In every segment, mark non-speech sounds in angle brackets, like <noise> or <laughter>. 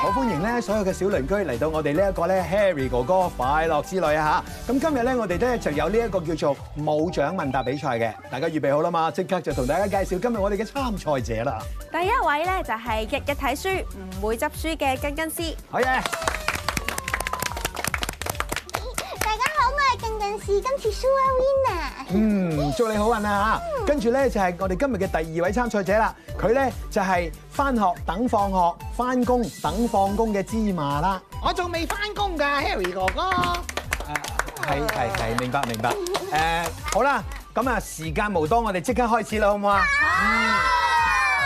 好歡迎咧，所有嘅小鄰居嚟到我哋呢一個咧 Harry 哥哥快樂之旅啊吓！咁今日咧，我哋咧就有呢一個叫做冇獎問答比賽嘅，大家預備好啦嘛？即刻就同大家介紹今日我哋嘅參賽者啦。第一位咧就係日日睇書唔會執書嘅根根師，好嘢！今次 s 啊 w i n 啊嗯，祝你好運啊吓，跟住咧就係我哋今日嘅第二位參賽者啦，佢咧就係翻學等放學，翻工等放工嘅芝麻啦，我仲未翻工噶，Harry 哥哥，係係係，明白明白，誒、 <laughs> uh,，好啦，咁啊，時間無多，我哋即刻開始啦，好唔好啊？ <laughs>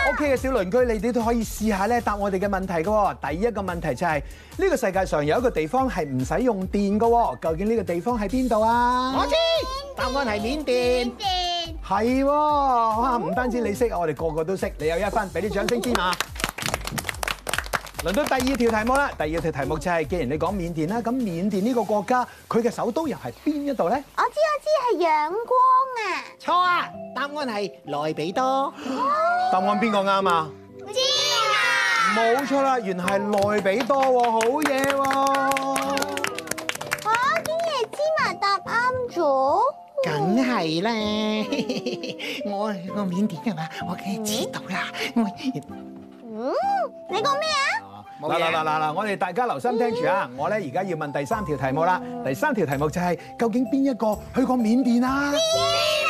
O.K. 嘅小鄰居，你哋都可以試下咧答我哋嘅問題嘅。第一個問題就係呢個世界上有一個地方係唔使用電嘅，究竟呢個地方喺邊度啊？我知。答案係緬甸。緬甸。係喎，唔單止你識，我哋個個都識。你有一分，俾啲掌聲支持啊！ <laughs> 輪到第二條題目啦！第二條題目就係，既然你講緬甸啦，咁緬甸呢個國家，佢嘅首都又係邊一度咧？我知我知，係仰光啊！錯啊，答案係內比多。答案邊個啱啊？芝麻，冇錯啦，原來係內比多喎，好嘢喎！啊，竟然係芝麻答啱咗，梗係啦，我去過緬甸噶嘛，我梗係知道啦。我，嗯，你講咩啊？嗱嗱嗱嗱嗱！我哋大家留心聽住啊！我咧而家要問第三條題目啦。第三條題目就係究竟邊一個去過緬甸啊？嗯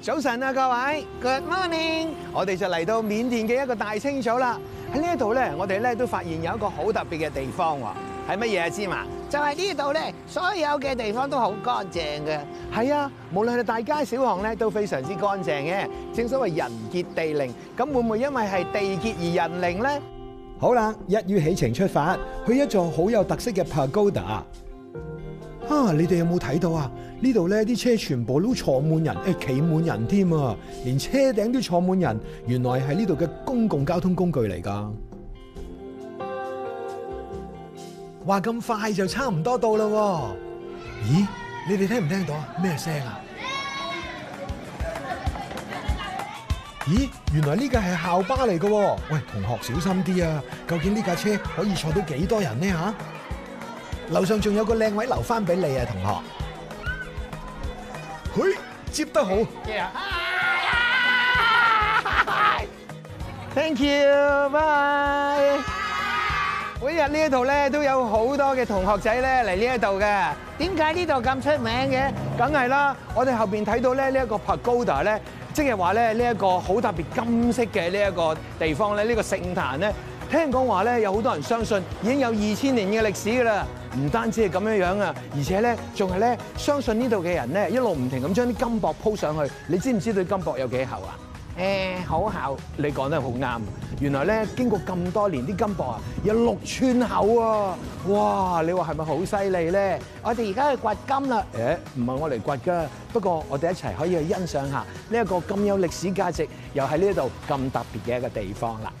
早晨啊，各位，Good morning！我哋就嚟到緬甸嘅一個大清早啦。喺呢一度咧，我哋咧都發現有一個好特別嘅地方喎，係乜嘢？芝麻就係呢度咧，所有嘅地方都好乾淨嘅。係啊，無論係大街小巷咧，都非常之乾淨嘅。正所謂人傑地靈，咁會唔會因為係地傑而人靈咧？好啦，一於起程出發，去一座好有特色嘅 pagoda。啊！你哋有冇睇到啊？呢度咧啲車全部都坐滿人，誒，企滿人添啊！連車頂都坐滿人，原來係呢度嘅公共交通工具嚟噶。話咁快就差唔多到啦！咦？你哋聽唔聽到啊？咩聲啊？咦？原來呢架係校巴嚟噶！喂，同學小心啲啊！究竟呢架車可以坐到幾多人呢？吓？樓上仲有一個靚位留翻俾你啊，同學。嘿，接得好，謝謝。Thank you，拜。每日呢一度咧都有好多嘅同學仔咧嚟呢一度嘅。點解呢度咁出名嘅？梗係啦，我哋後邊睇到咧呢一個 Pagoda 咧，即係話咧呢一個好特別金色嘅呢一個地方咧，呢、呢個聖壇咧，聽講話咧有好多人相信已經有二千年嘅歷史㗎啦。唔單止係咁樣樣啊，而且咧仲係咧相信呢度嘅人咧一路唔停咁將啲金箔鋪上去。你知唔知對金箔有幾厚啊？誒、欸、好厚，你講得好啱。原來咧經過咁多年啲金箔啊有六寸厚啊！哇，你話係咪好犀利咧？我哋而家去掘金啦！誒，唔係我嚟掘㗎，不過我哋一齊可以去欣賞下呢一個咁有歷史價值又喺呢度咁特別嘅一個地方啦。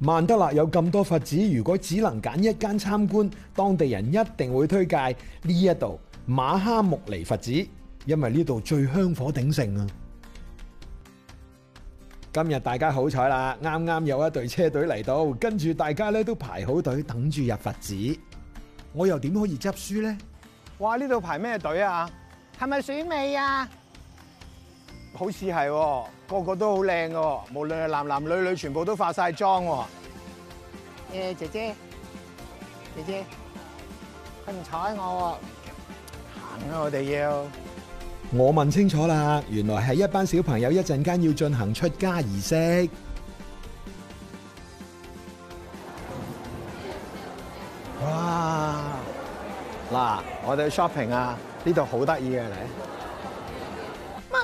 曼德勒有咁多佛寺，如果只能揀一間參觀，當地人一定會推介呢一度馬哈木尼佛寺，因為呢度最香火鼎盛啊！今日大家好彩啦，啱啱有一隊車隊嚟到，跟住大家咧都排好隊等住入佛寺。我又點可以執輸呢？哇！呢度排咩隊啊？係咪選美啊？好似係喎。個個都好靚喎，無論係男男女女，全部都化晒妝喎。姐姐，姐姐，佢唔睬我喎，行啊！我哋要。我問清楚啦，原來係一班小朋友一陣間要進行出家儀式。哇！嗱，我哋去 shopping 啊，呢度好得意嘅嚟。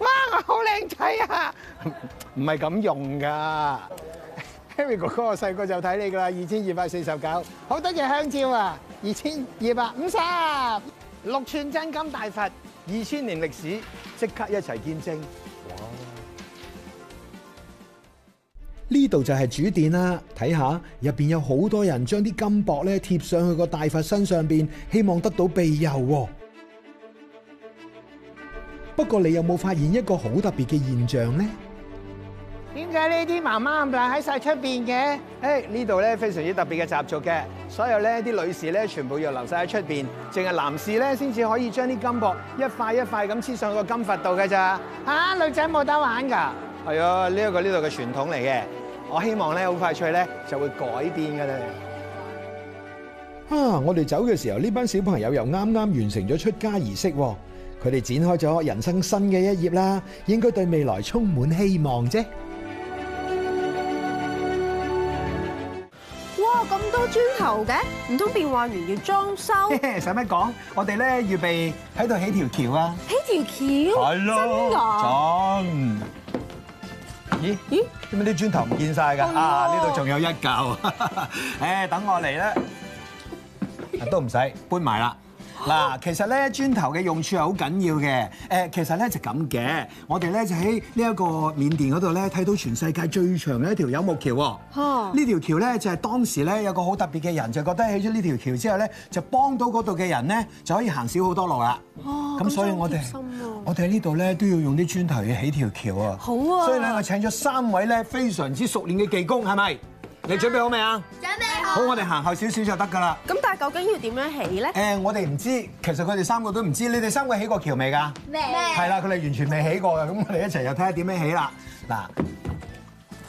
哇！我好靚仔啊，唔係咁用噶，Harry 哥哥，我細個就睇你噶啦，二千二百四十九，好多嘅香蕉啊，二千二百五十，六寸真金大佛，二千年歷史，即刻一齊見證。哇！呢度就係主殿啦，睇下入邊有好多人將啲金箔咧貼上去個大佛身上邊，希望得到庇佑。不過你有冇發現一個好特別嘅現象呢？點解呢啲媽媽咁大喺晒出邊嘅？誒，呢度咧非常之特別嘅習俗嘅，所有咧啲女士咧全部要留晒喺出邊，淨係男士咧先至可以將啲金箔一塊一塊咁黐上個金佛度嘅咋？吓、啊，女仔冇得玩噶？係、哎、啊，呢一個呢度嘅傳統嚟嘅。我希望咧好快脆咧就會改變噶啦。啊，我哋走嘅時候，呢班小朋友又啱啱完成咗出家儀式喎。佢哋展開咗人生新嘅一頁啦，應該對未來充滿希望啫。哇，咁多磚頭嘅，唔通變幻園要裝修？使乜講？我哋咧預備喺度起條橋啊！起條橋？係咯。裝？咦？咦？點解啲磚頭唔見晒㗎？啊！呢度仲有一嚿。誒，等我嚟啦。都唔使搬埋啦。嗱，其實咧磚頭嘅用處係好緊要嘅。誒，其實咧就咁嘅。我哋咧就喺呢一個緬甸嗰度咧，睇到全世界最長嘅一條柚木橋喎。呢條橋咧就係當時咧有個好特別嘅人，就覺得起咗呢條橋之後咧，就幫到嗰度嘅人咧，就可以行少好多路啦。哇！咁所以我哋我哋喺呢度咧都要用啲磚頭去起條橋啊。好啊！所以咧我請咗三位咧非常之熟練嘅技工，係咪？你準備好未啊？準備好。好，我哋行後少少就得噶啦。咁但係究竟要點樣起咧？誒，我哋唔知，其實佢哋三個都唔知。你哋三個起過橋未㗎？咩？係啦，佢哋完全未起過嘅。咁我哋一齊又睇下點樣起啦。嗱，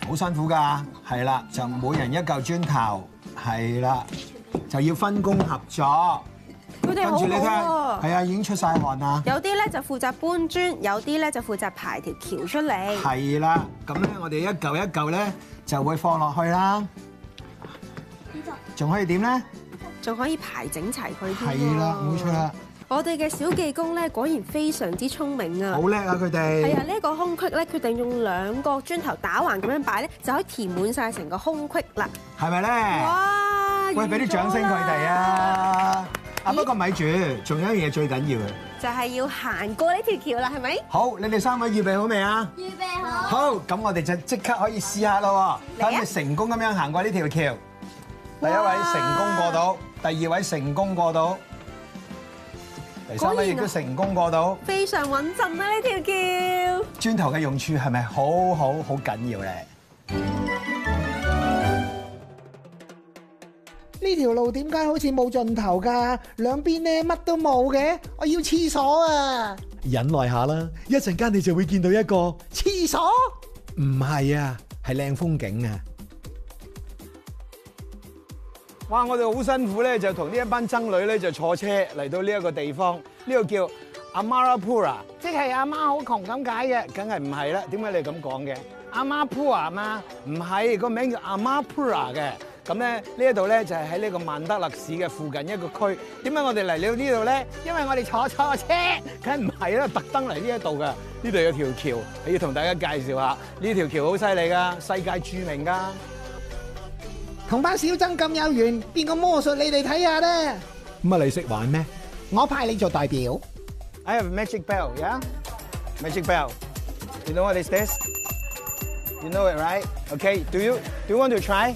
好辛苦㗎，係啦，就每人一嚿磚頭，係啦，就要分工合作你。佢哋好攰。係啊，已經出晒汗啦。有啲咧就負責搬磚，有啲咧就負責排條橋出嚟。係啦，咁咧我哋一嚿一嚿咧。就會放落去啦，仲可以點咧？仲可以排整齊佢添。係啦，冇錯啦。我哋嘅小技工咧，果然非常之聰明啊！好叻啊佢哋。係啊，呢一個空隙咧，決定用兩個磚頭打橫咁樣擺咧，就可以填滿晒成個空隙啦。係咪咧？哇喂，俾啲掌聲佢哋啊！啊！不過咪住，仲有一樣嘢最緊要嘅，就係要行過呢條橋啦，係咪？好，你哋三位預備好未啊？預備好。好，咁我哋就即刻可以試下咯。等你成功咁樣行過呢條橋，第一位成功過到，第二位成功過到，第三位亦都成功過到，啊，非常穩陣啦。呢條橋，磚頭嘅用處係咪好好好緊要咧？呢條路點解好似冇盡頭噶？兩邊咧乜都冇嘅。我要廁所啊！忍耐一下啦，一陣間你就會見到一個廁所。唔係啊，係靚風景啊！哇，我哋好辛苦咧，就同呢一班僧女咧就坐車嚟到呢一個地方，呢個叫阿馬拉普拉，即係阿媽好窮咁解嘅，梗係唔係啦？點解你咁講嘅？阿馬拉普拉嘛。唔係，個名字叫阿馬拉普拉嘅。咁咧呢一度咧就係喺呢個曼德勒市嘅附近一個區。點解我哋嚟到呢度咧？因為我哋坐錯車，梗係唔係啦，特登嚟呢一度噶。呢度有條橋，我要同大家介紹下。呢條橋好犀利噶，世界著名噶。同班小僧咁有緣，變個魔術，你哋睇下咧？咁啊，你識玩咩？我派你做代表。I have a magic bell, yeah? Magic bell. You know what is this? You know it right? Okay. Do you? Do you want to try?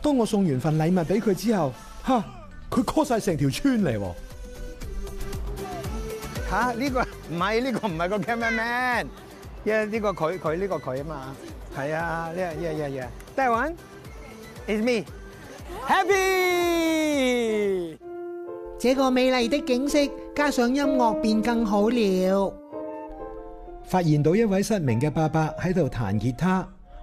當我送完份禮物俾佢之後，嚇佢 call 晒成條村嚟喎、啊！嚇、啊、呢、這個唔係呢個唔係個 camera man，因呢、yeah, 個佢佢呢個佢啊嘛，係啊呢啊呢啊呢啊，that one is me，happy！這個美麗的景色加上音樂變更好了。發現到一位失明嘅伯伯喺度彈吉他。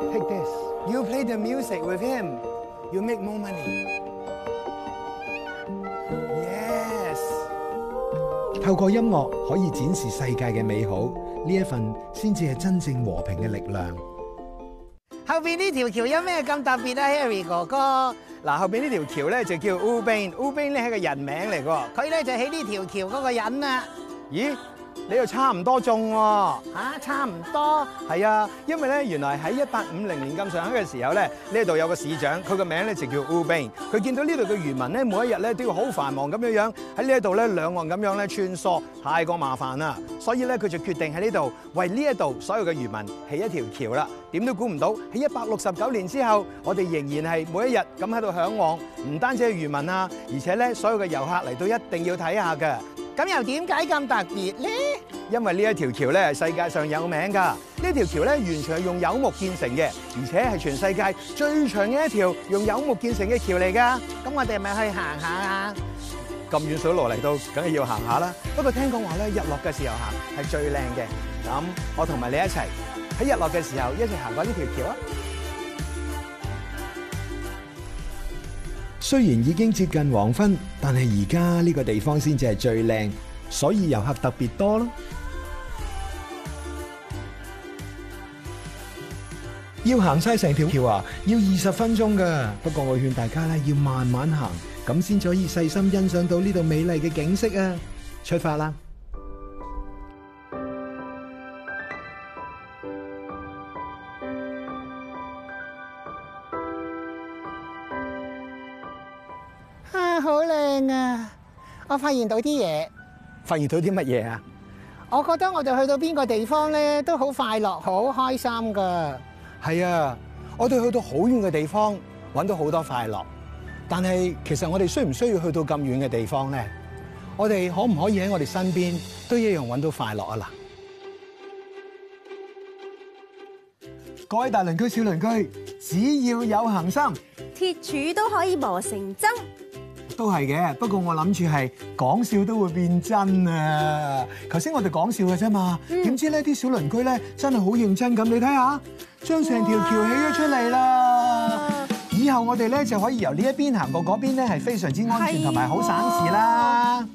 Take this. You play the music with him. You make more money. Yes. 透過音樂可以展示世界嘅美好，呢一份先至係真正和平嘅力量。後邊呢條橋有咩咁特別啊，Harry 哥哥？嗱，後邊呢條橋咧就叫 U Bein，U Bein 咧係一個人名嚟嘅，佢咧就喺呢條橋嗰個人啊。咦？你又差唔多中喎，啊，差唔多係啊，因為咧，原來喺一八五零年咁上下嘅時候咧，呢度有個市長，佢個名咧就叫 U Bein。佢見到呢度嘅漁民咧，每一日咧都要好繁忙咁樣樣喺呢一度咧兩岸咁樣咧穿梭，太過麻煩啦，所以咧佢就決定喺呢度為呢一度所有嘅漁民起一條橋啦。點都估唔到喺一百六十九年之後，我哋仍然係每一日咁喺度響往，唔單止係漁民啊，而且咧所有嘅遊客嚟都一定要睇下嘅。咁又點解咁特別咧？因為呢一條橋咧，係世界上有名噶。呢條橋咧，完全係用柚木建成嘅，而且係全世界最長嘅一條用柚木建成嘅橋嚟噶。咁我哋咪去行下啊！咁遠水路嚟到，梗係要行下啦。不過聽講話咧，日落嘅時候行係最靚嘅。咁我同埋你一齊喺日落嘅時候一齊行過呢條橋啊！雖然已經接近黃昏，但係而家呢個地方先至係最靚，所以遊客特別多咯。 <music> 要行晒成條橋啊，要二十分鐘噶。不過我勸大家咧，要慢慢行，咁先可以細心欣賞到呢度美麗嘅景色啊！出發啦！我發現到啲嘢，發現到啲乜嘢啊？我覺得我哋去到邊個地方咧，都好快樂，好開心噶。係啊，我哋去到好遠嘅地方，揾到好多快樂。但係其實我哋需唔需要去到咁遠嘅地方咧？我哋可唔可以喺我哋身邊都一樣揾到快樂啊？嗱， <music> 各位大鄰居、小鄰居，只要有恒心，鐵柱都可以磨成針。都係嘅，不過我諗住係講笑都會變真啊！頭先我哋講笑嘅啫嘛，點知呢啲小鄰居咧真係好認真咁，你睇下，將成條橋起咗出嚟啦！以後我哋咧就可以由呢一邊行過嗰邊咧，係非常之安全同埋好省事啦。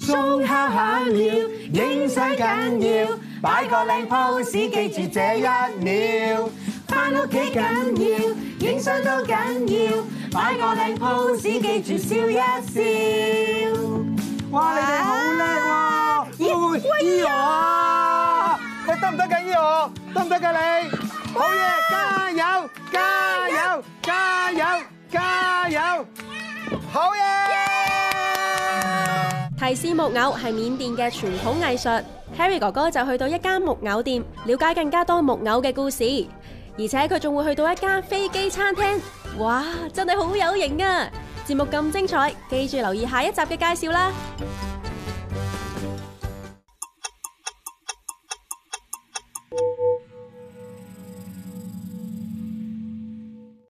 鬆下下了，影相緊要，擺個靚 pose，記住這一秒，返屋企緊要，影相都緊要。擺個靚 pose，記住笑一笑。哇！你哋好叻喎。咦？威啊！佢得唔得嘅？呢個得唔得嘅你行行？好嘢！加油！加油！加油！加油！好嘢！提線木偶係緬甸嘅傳統藝術。Harry 哥哥就去到一間木偶店，了解更加多木偶嘅故事，而且佢仲會去到一間飛機餐廳。哇，真係好有型啊！節目咁精彩，記住留意下一集嘅介紹啦。